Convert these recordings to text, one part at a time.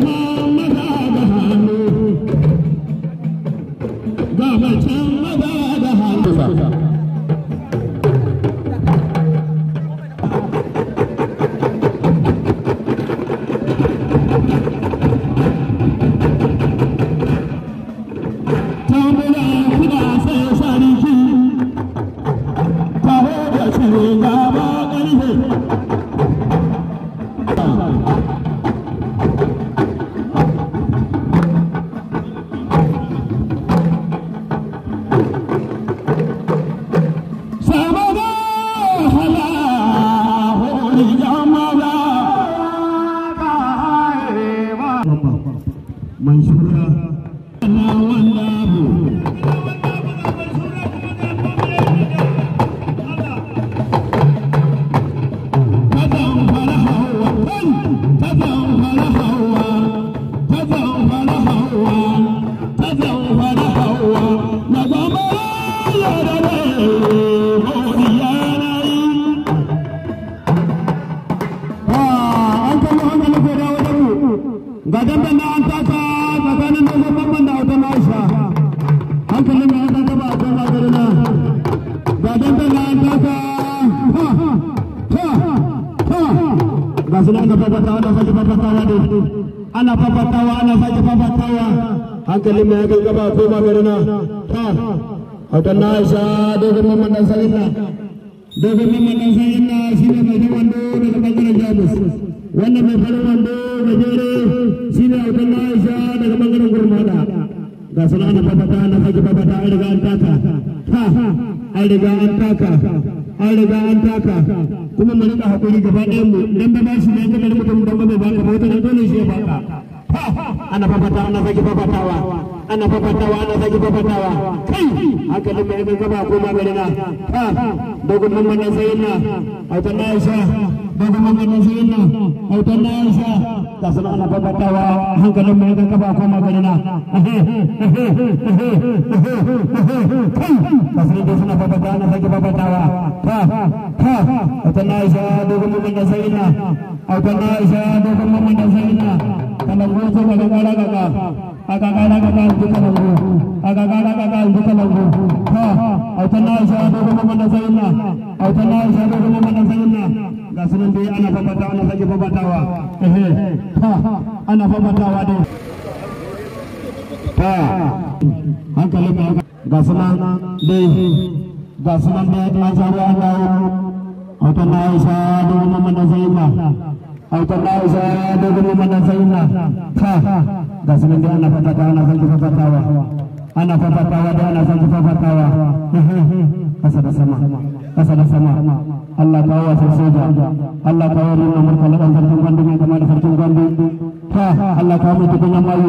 Mama. منشورة الله الله Oh selalu ada papa tawa, ada fajar papa tawa tu. Ada papa tawa, ada fajar papa tawa. Angkat lima, angkat kapal, firma berana. Ha, ada naisa, ada firma mana sahina, ada firma mana sahina, sini ada mandu, ada kapal jamus. Wanda berfalu mandu, berjuru, sini ada naisa, ada kapal gerung kurmada. Ada selalu ada papa tawa, ada fajar papa tawa, ada gantaka. Ha, ada gantaka, ada gantaka. kuma mu rika hakuri gaba ɗayan mu dan ba ba shi ne ka mutum dan ba ba ka bauta ne dole shi ya baka ana fafata ana saki fafatawa ana fafatawa ana sake fafatawa kai mai ga gaba ko na ha dogon mamman na autan na yasa dogon mamman nan sayin na autan na ta sana ana fafatawa mai ga gaba ko na kai ta sana da fafatawa ana fafatawa ha ha autan dogon na dogon na kana gozo ba kara ada gada gada kita lagu, ada gada gada kita lagu, ha, atau naik sahaja kamu mana sahina, atau naik sahaja kamu mana sahina, gasan di anak bapa tawa, anak lagi bapa tawa, eh, ha, anak bapa tawa tu, ha, angkali mak, gasan di, gasan di atas sahaja kamu, atau naik sahaja kamu mana sahina, atau naik sahaja kamu mana sahina, ha, ha dasan dia anak fata tawa anak fata fata tawa anak fata tawa dia anak fata fata tawa kasar sama kasar sama Allah tahu asal saja Allah tahu di nomor kalau kan tertumpuan dengan kemana tertumpuan dengan Allah kamu itu punya malu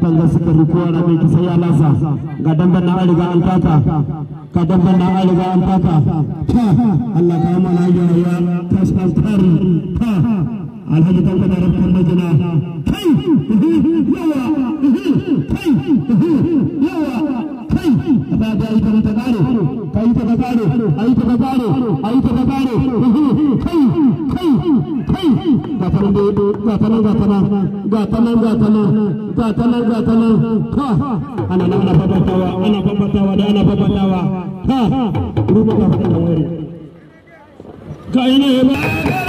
katanga suka ya lasa ga damban na an an ka damban na an an taka ta Allah ka ta santari ta alhaji dan ka da kai yawa kai yawa kai ba da ita ta kare kai ta ta kare ai ta ta kare ai ta ta kare kai kai kai ga fanan ga fanan ga fanan ga fanan ga ta ta na ta na ha. Ana ana papatawa, ana tawa da ana tawa ha. Rumah kafir kawai. Kaina hebat.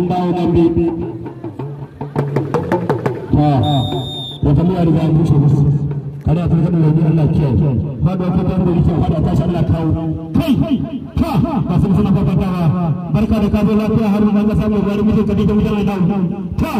an dawo dambe ta wata mai riga an bushe musu kada ta kada wani Allah kiyaye fada ka ta da yake fada ta Allah kawo kai ba sun sana fata ta barka da kazo lafiya har mun ga samu gari mutum kadi da mutum da ta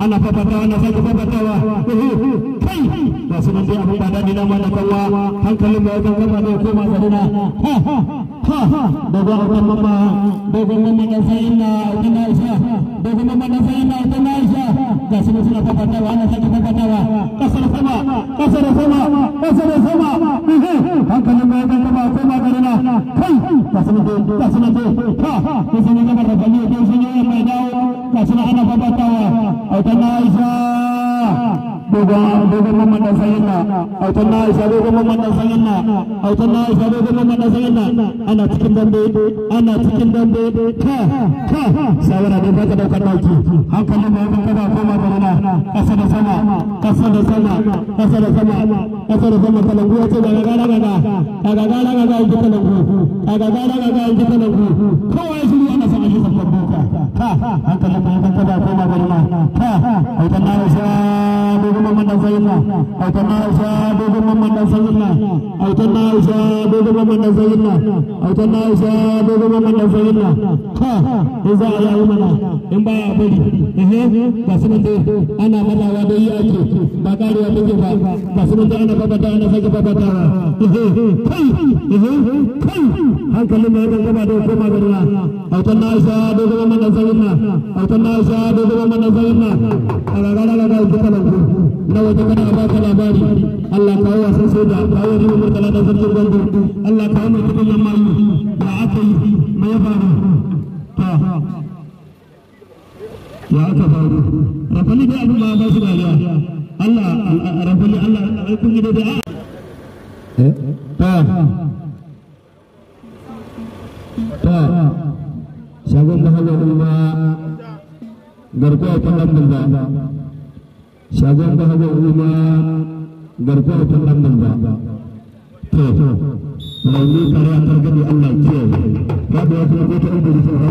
ana fata ta ana sake fata ta kai ba sun dai abin ba dadi na mana kanwa hankalin mu ya kan gaba da koma zarina ha ha dogon mama dogon mama na zaina organizer dogon mama na zaina organizer ga su suna fafatawa ana sake fafatawa kasar sama kasar sama kasar sama hankalin mai gaba ba ko ma garina kai ga su dai ga su dai ka ko sun gaba da kalli ko sun yi mai dawo ga su ana fafatawa autan Aisha dogon mamman dan sanyin na autan na na autan na ana cikin dambe ana cikin dambe ka ka da baka dauki hankalin mu koma kasa da sama kasa da sama kasa da sama kasa da sama gaga gaga yake gaga yake shi ne ana san ayyukan boka hankalin mu koma na mamman sayyidina autan na isa dogon mamman sayyidina autan na isa dogon mamman autan na isa dogon mamman ha in za a yawo mana in ba a bari ehe ga sunan dai ana madawa da yi ake ba karewa take ba ga sunan dai ana babata ana sake babatawa ehe kai ehe kai hankalin da koma ga ruwa autan na isa autan na isa dogon mamman a ragara ragara da talanku ನಾವು ಬಾಕಲ ಬಾರಿ ಅಲ್ಲ ಕಾವು ಅಸೋಸಿದ ಕಾವೇರಿ ಮೂರ್ತಲಾದ ಸಂಜೆ ಬಂದು ಅಲ್ಲ ಕಾವು ಮತ್ತು ನಮ್ಮ ಆಚೆ ಮಯಬಾರ ಯಾಕಬಾರು ರಫಲಿಗೆ ಅದು ಬಳಸಿದಾಗ ಅಲ್ಲ ರಫಲಿ ಅಲ್ಲ ತುಂಬಿದ ಶಗುನ್ ಮಹಲ್ ಗರ್ಕೋ ಒಪ್ಪಂದ saja bahawa umat berpuasa dan berdoa. Tuh, melalui karya terjadi Allah Tuh. Kau berpuasa dan berdoa.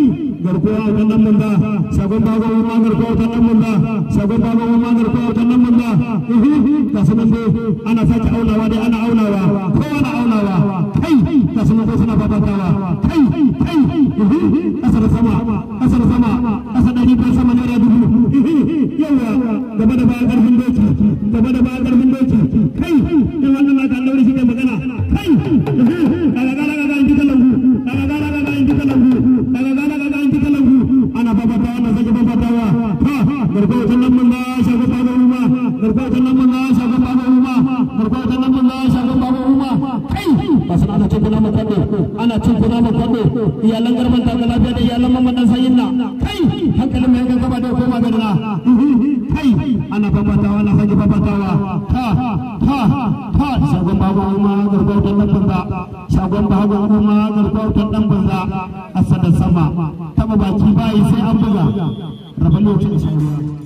nerpo ortandan bunda sagon bago urma nerpo ortandan bunda sagon bago urma nerpo ortandan bunda ihi kasamendi anak fata aulawa dia anak aulawa masa ke bapa tawa. Ha, berpa jalan manda, sangat pada rumah. Berpa jalan manda, sangat pada rumah. Berpa jalan manda, sangat pada rumah. Hey, pasal anak cucu nama kami, anak cucu nama kami. Ia langgar manda, kalau dia ada jalan manda saya na. Hey, hak kalau mereka kepada aku mana? Hey, anak bapa tawa, anak sangat bapa tawa. Ha, ha, ha, sangat pada rumah. Berpa jalan manda, sangat pada rumah. Berpa jalan manda, asal sama. baki bayi sai an buga rabon lokacin da